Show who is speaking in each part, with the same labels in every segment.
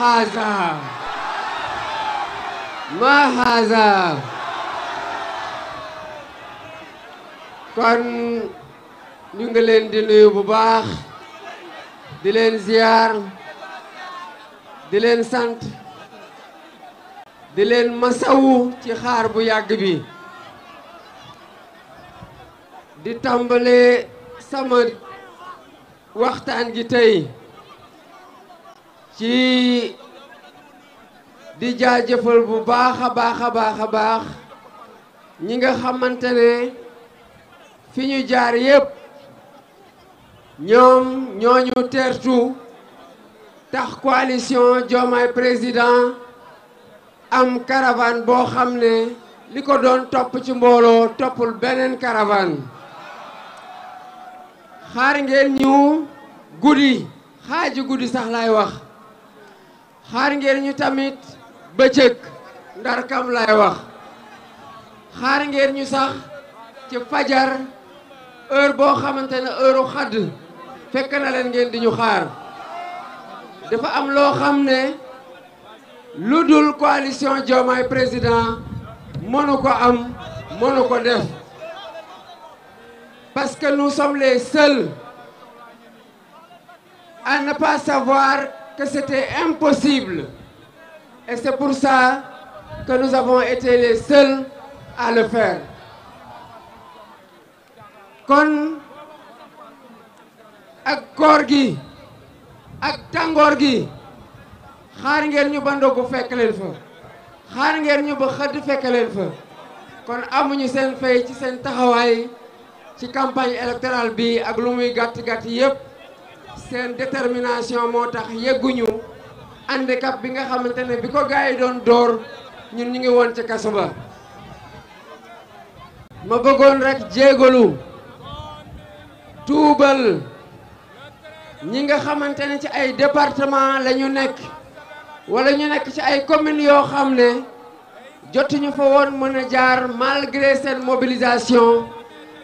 Speaker 1: هذا ما هذا kon ñu ngi leen di nuye bu baax di leen ziar di leen sant di leen masawu ci xaar bu yàgg bi di tàmbale sama waxtaan gi tey ci di jaajëfal bu baax a baax a baax a baax ñi nga xamante ne fi ñu jaar yépp ñoom ñooñu teertu tax coalition Diomaye Président am caravane boo xam ne li ko doon topp ci mbooloo toppul beneen caravane xaar ngeen ñu guddi xaaji guddi sax laay wax xaar ngeen ñu tamit bëccëg ndar kam lay wax xaar ngeen ñu sax ci fajar heure boo xamante ne heure xadd fekk na leen ngeen di ñu xaar dafa am loo xam ne lu dul coalition Diomaye président mënu ko am mënu ko def parce que nous sommes les seuls à ne savoir que c'était impossible. Et pour ça que nous avons été les seuls à le faire. kon ak koor gi ak tàngoor gi xaar ngeen ñu ba ndogu fekk leen fa xaar ngeen ñu ba xëdd fekk leen fa kon amuñu seen fay ci seen taxawaay ci campagne électorale bi ak lu muy gàtt gàtt yépp seen détermination moo tax yegguñu handicap bi nga xamante ne bi ko gars doon dóor ñun ñu ngi woon ci kaso ba ma bëggoon rek jéegalu tuubal ñi nga xamante ne ci ay département la ñu nekk wala ñu nekk ci ay communes yoo xam ne jotuñu fa woon mën a jaar malgré seen mobilisation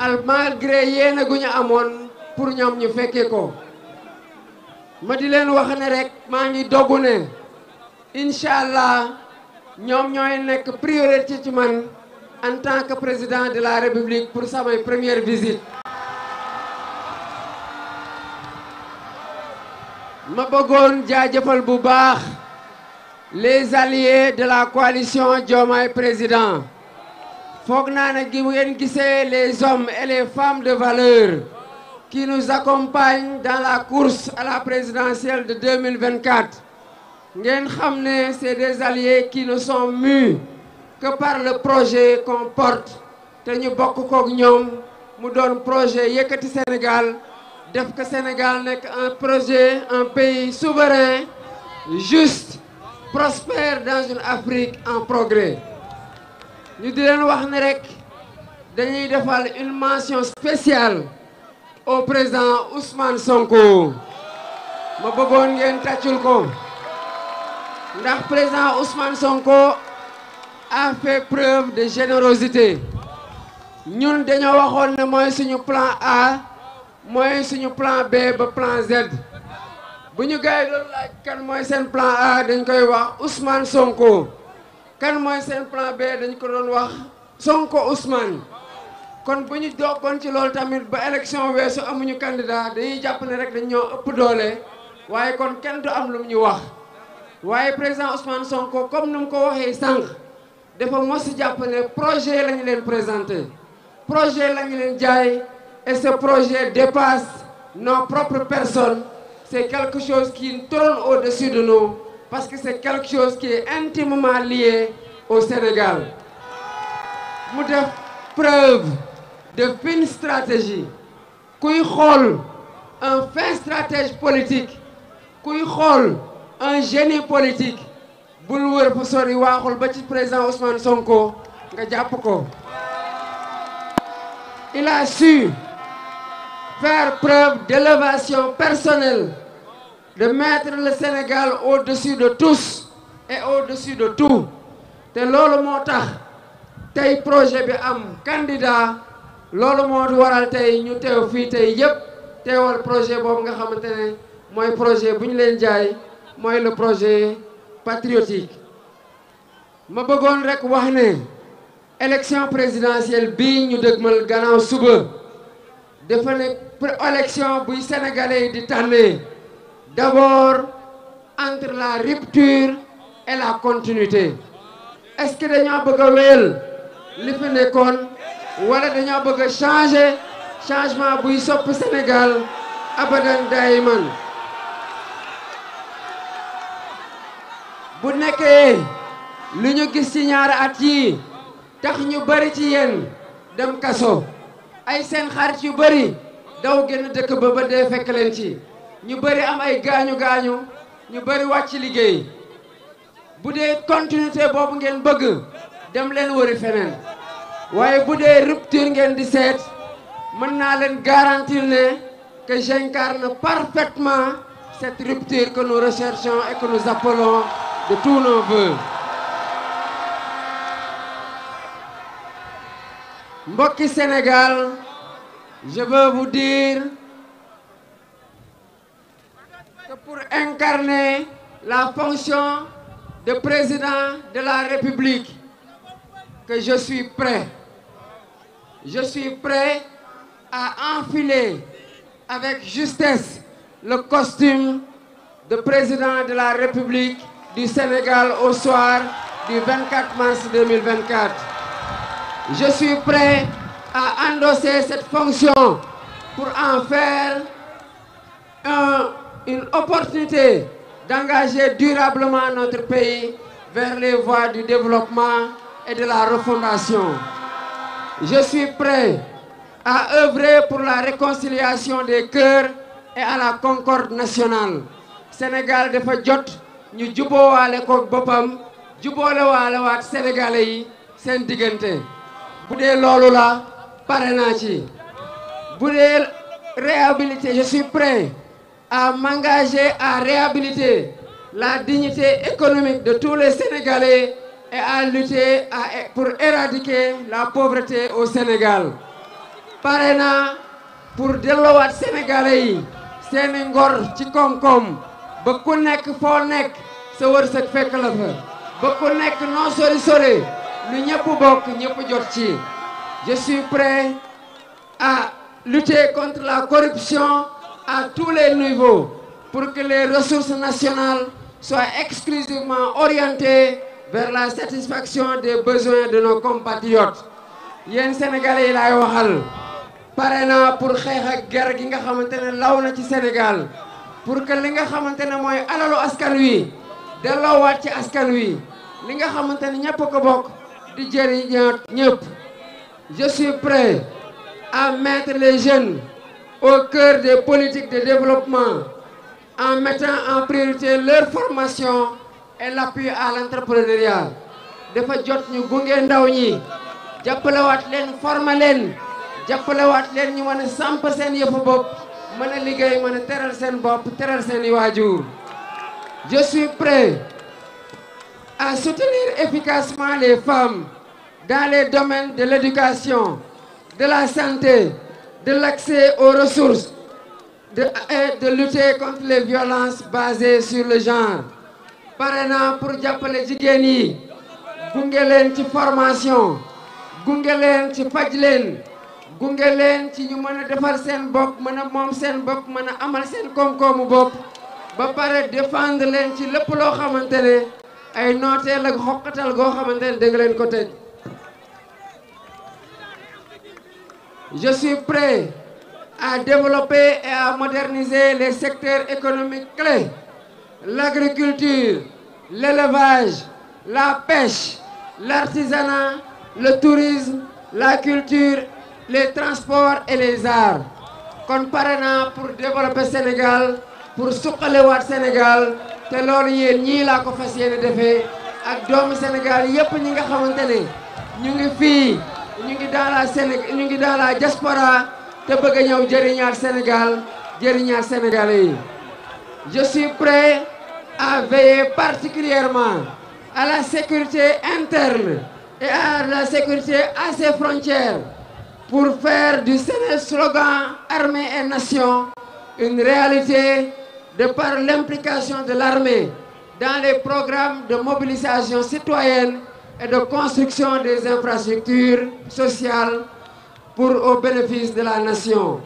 Speaker 1: al malgré yéene gu ñu amoon pour ñoom ñu fekkee ko ma di leen wax ne rek maa ngi dogu ne incha allah ñoom ñooy nekk priorité ci man en tant que président de la république pour samay première visite. ma bëggoon jaajëfal bu baax les alliés de la coalition Diomaye président foog naa ne gi ngeen gisee les hommes et les femmes de valeur. qui nous accompagne dans la course à la présidentielle de 2024. ngeen xam ne c'est des alliés qui ne sont mus que par le projet qu'on porte te ñu bokk kook ñoom mu doon projet yëkkati Sénégal def ko Sénégal nekk un projet un pays souverain juste prospère dans une Afrique en progrès ñu di leen wax ne rek dañuy defal une mention spéciale au président Ousmane Sonko ma bëggoon ngeen tàccul ko ndax président Ousmane Sonko a fait preuve de générosité ñun dañoo waxoon ne mooy suñu plan A mooy suñu plan B ba plan Z bu ñu gars yi loolu laaj kan mooy seen plan A dañ koy wax Ousmane Sonko kan mooy seen plan B dañ ko doon wax Sonko Ousmane kon bu ñu doggoon ci loolu tamit ba élection weesu amuñu candidat dañuy jàpp ne rek dañ ëpp doole waaye kon kenn du am lu mu ñu wax waaye président Ousmane Sonko comme nu mu ko waxee sànq dafa mos jàpp ne projet la ñu leen présenté projet la ñu leen jaay et ce projet dépasse nos propres personnes c'est quelque chose qui trône au-dessus de nous parce que c'est quelque chose ki est intimement lié au Sénégal mu def preuve de fine stratégie kuy xool un fin stratège politique kuy xool un génie politique bul wër fa sori waaxul ba ci président Ousmane Sonko nga jàpp ko il a su faire preuve d'élévation personnelle de mettre le Sénégal au-dessus de tous et au-dessus de tout te loolu moo tax tey projet bi am candidat loolu moo waral tey ñu teew fii tey yëpp teewal projet boobu nga xamante ne mooy projet bu ñu leen jaay mooy le projet patriotique ma bëggoon rekk wax ne élection présidentielle bii ñu dëgmal gannaaw suba dafa ne élection buy sénégalais di tànnee d'abord entre la rupture et la continuité est-ce dañoo bëgg a li fi nekkoon wala dañoo bëgg a changer changement buy sopp Sénégal abadan dayman bu nekkee lu ñu gis ci ñaari at yi tax ñu bari ci yéen dem kaso ay seen xarit yu bari daw génn dëkk ba ba fekk leen ci ñu bari am ay gaañu gaañu ñu bari wàcc liggéey bu dee continuité boobu ngeen bëgg dem leen wëri feneen waaye bu dee rupture ngeen di seet mën naa leen garantir ne que j'incarne na cette rupture que nous recherchons et que nous appelons de tous nos voeux mbokki Sénégal je veux vous dire que pour incarner la fonction de président de la République que je suis prêt. Je suis prêt à enfiler avec de président de la République du Sénégal au soir du 24 mars 2024. Je suis prêt à endosser cette fonction pour un, une opportunité d'engager durablement notre pays vers du développement et de la refondation. Je suis prêt à pour la réconciliation des cœurs et à la concorde Sénégal dafa jot ñu juboowaale koog boppam juboole waale waat sénégalais yi seen diggante. bu dee loolu la pare naa ci. bu dee réhabiliter je suis prêt à m'engager à la dignité économique de tous les Sénégalais. et à lutter à, pour éradiquer la pauvreté au Sénégal pare na pour delloowaat sénégalais yi seeni ngor ci koom-koom ba ku nekk foo nekk sa wërsëg fekk la fa ku nekk noo sori sori lu ñëpp bokk ñëpp jot ci je suis prêt à lutter contre la corruption à tous les niveaux pour que les ressources nationales soient exclusivement orientées vers la satisfaction des besoins de nos compatriotes yéen sénégalais yi laay waxal pare na pour xeex ak ger gi nga xamante ne law na ci Sénégal pour que li nga xamante ne mooy alalu askan wi lawaat ci askan wi li nga xamante ne ñëpp ko bokk di jëriñ ñëpp je suis prêt à mettre les jeunes au cœur des politiques de développement en mettant en priorité leur formation et l'appui à l'entrepreneuriat dafa jot ñu gunge ndaw ñi jàppalewaat leen former leen jàppalewaat leen ñu mën a samp seen yëfu bopp mën a liggéey mën a teral seen bopp teral seen i waajur je suis à soutenir efficacement les femmes dans les domaines de l'éducation de la santé de l'accès aux ressources de, et de lutter contre les violences basées sur le genre pare naa pour jàppale jigéen yi gunge leen ci formation gunge leen ci faj leen gunge leen ci ñu mën a defar seen bopp mën a moom seen bopp mën a amal seen koom-koomu bopp ba pare défendre leen ci lépp loo xamante ne ay nooteel ak xoqatal goo xamante ne dégg leen ko tëj je suis prêt à développer et à moderniser les secteurs économique clés l'agriculture, l'élevage, la pêche, l'artisanat, la tourisme, la culture, les transports et les arts. kon pare naa pour développer Sénégal pour suqalewaat Sénégal te loolu yéen ñii laa ko fas yéene defee ak doomu Sénégal yépp ñi nga xamante ne ñu ngi fii ñu ngi dans la Séné ñu ngi dans la diaspora te bëgg a ñëw jëriñaat Sénégal jëriñaat Sénégalais yi à veiller particulièrement à la sécurité interne et à la sécurité à ses frontières pour faire du slogan armée et nation une réalité de par l'implication de l'armée dans les programmes de mobilisation citoyenne et de construction des infrastructures sociales pour au bénéfice de la nation.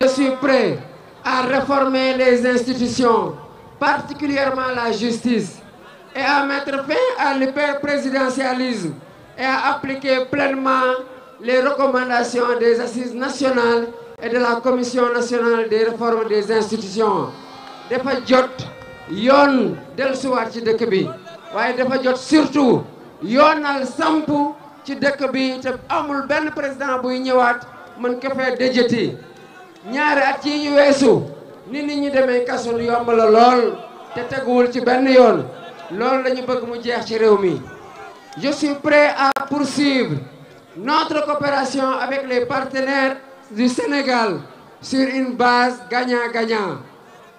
Speaker 1: Je suis prêt à réformer les institutions particulièrement la justice, et à mettre fin à l'hyperprésidentialisme et à appliquer pleinement les recommandations des assises nationales et de la commission nationale des réformes des institutions dafa jot yoon dellusiwaat ci dëkk bi waaye dafa jot surtout yoonal samp ci dëkk bi te amul benn président buy ñëwaat mën ko fee déjëti ñaari at yi ñu weesu ni nit ñi demee kaso lu yomb la lool te teguwul ci benn yoon loolu la bëgg mu jeex ci réew mi je suis prêt à poursuivre notre coopération avec les partenaires du Sénégal sur une base gagnant-gagnant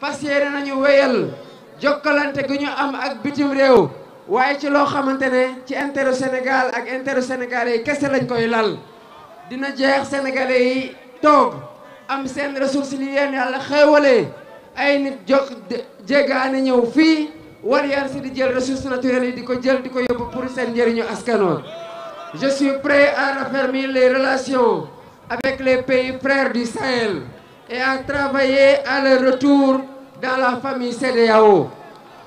Speaker 1: fas yéene nañu wéyal jokkalante gu ñu am ak bitim réew waaye ci loo xamante ne ci intérêt Sénégal ak intérêt sénégalais yi kese lañ koy lal dina jeex sénégalais yi toog am seen ressource li leen yàlla xéewalee ay nit jog jégaane ñëw fii war si di jël ressources naturelles yi di ko jël di ko yóbbu pour seen njëriñu askanoo je suis prêt à raffermir les relations avec les pays frères du Sahel et à travailler à leur retour dans la famille CEDEAO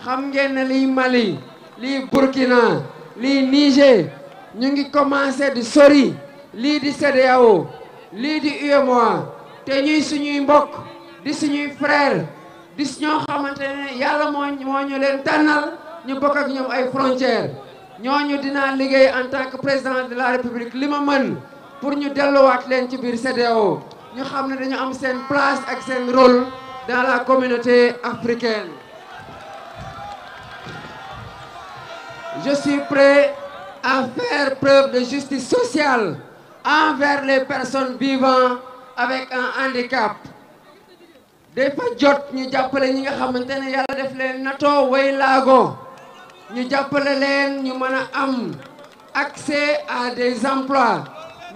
Speaker 1: xam ngeen ne li Mali lii Burkina lii Niger ñu ngi commencé di sori lii di CEDEAO li di UEMOA te ñuy suñuy mbokk di suñuy frère di ñoo xamante ne yàlla moo moo ñu leen tànnal ñu bokk ak ñoom ay ñoo ñu dinaa liggéey en tant que président de la république li ma mën pour ñu delluwaat leen ci biir CEDEAO ñu xam ne dañu am seen place ak seen rôle dans la communauté africaine je suis prêt à faire preuve de justice sociale envers les personnes vivant avec un handicap dafa jot ñu jàppale ñi nga xamante ne yàlla def leen nato way laago ñu jàppale leen ñu mën a am accès à des emplois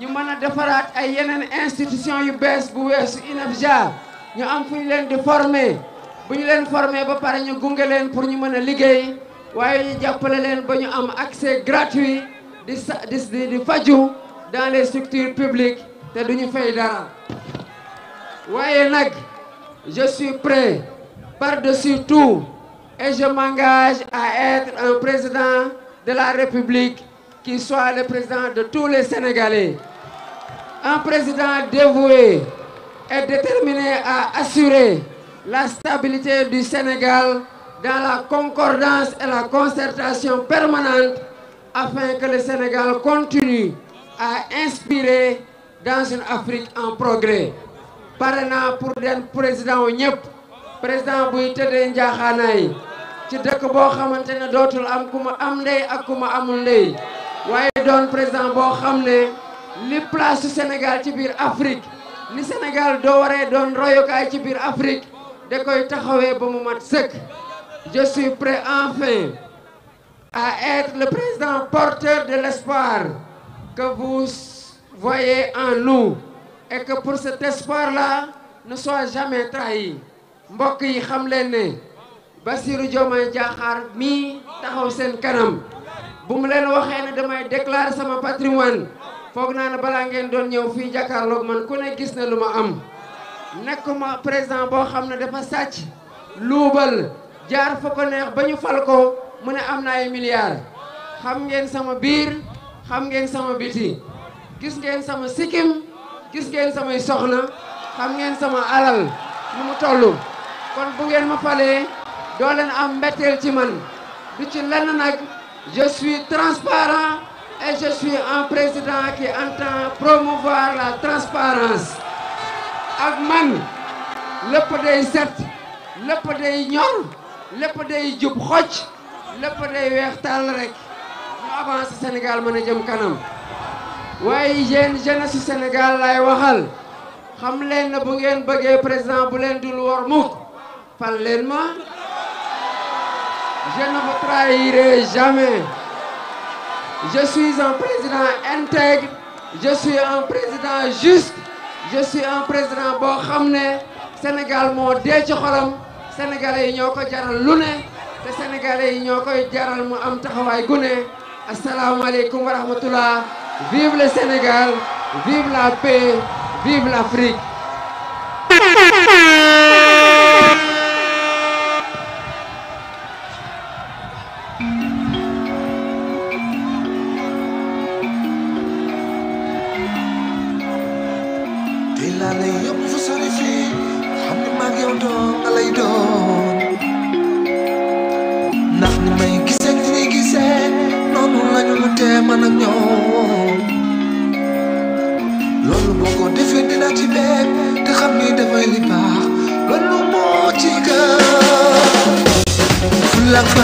Speaker 1: ñu mën a defaraat ay yeneen institution yu bees bu weesu INAFJA ñu am fu ñu leen di former bu ñu leen former ba pare ñu gunge leen pour ñu mën a liggéey waaye ñu jàppale leen ba ñu am accès gratuit di sa di di faju dans les structures publiques te duñu fay dara waaye nag je suis prêt par-dessus tout et je m'engage à être un président de la République qui soit le président de tous les Sénégalais un président dévoué et déterminé à assurer la stabilité du Sénégal dans la concordance et la concertation permanente afin que le Sénégal continue à inspirer dans une Afrique en progrès pare naa pour den président wu ñëpp président buy tëddee njaaxaanaay ci dëkk boo xamante ne dootul am ku ma am ndey ak ku ma amul ndey waaye doon président boo xam ne li place Sénégal ci biir Afrique li Sénégal doo waree doon royukaay ci biir Afrique da koy taxawee ba mu mat sëkk je suis prêt enfin à être le président porteur de l'espoir que voyez en nous et que pour cet espoir-là ne soit jamais trahi mbokk yi xam leen ne Bassirou Diomaye Diakhar mii taxaw seen kanam bu mu leen waxee ne damay déclarer sama patrimoine foog naa ne balaa ngeen doon ñëw fii jàkkaarloog man ku ne gis na lu ma am nekk nekkuma président boo xam ne dafa sàcc luubal jaar fa ko neex ba ñu fal ko mu ne am na ay xam ngeen sama biir xam ngeen sama biti gis ngeen sama sikkim gis ngeen samay soxna xam ngeen sama alal nu mu toll kon bu ngeen ma falee doo leen am mbetteel ci man du ci lenn nag je suis transparent et je suis un président qui entend promouvoir la transparence ak man lépp day set lépp day ñor lépp day jub xocc lépp day weex tàll rek ñu avancer Sénégal mën a jëm kanam waaye yéen jeunesse Sénégal lay waxal xam leen ne bu ngeen bëggee président bu leen dul war mukk fal leen ma je ne vous trahirai jamais je suis président intègre je suis président juste je suis président boo xam ne Sénégal moo dee ci xolam sénégalais yi ñoo ko jaral lu ne te sénégalais yi ñoo koy jaral mu am taxawaay gune asalaamaaleykum wa rahmatullah Vive le Sénégal, vive la paix, vive l'Afrique. ndax ni may gisee ni ñuy gisee noonu lañu mu tee mën a ñëw la ci benn te xam ni dafay li baax loolu moo ci gën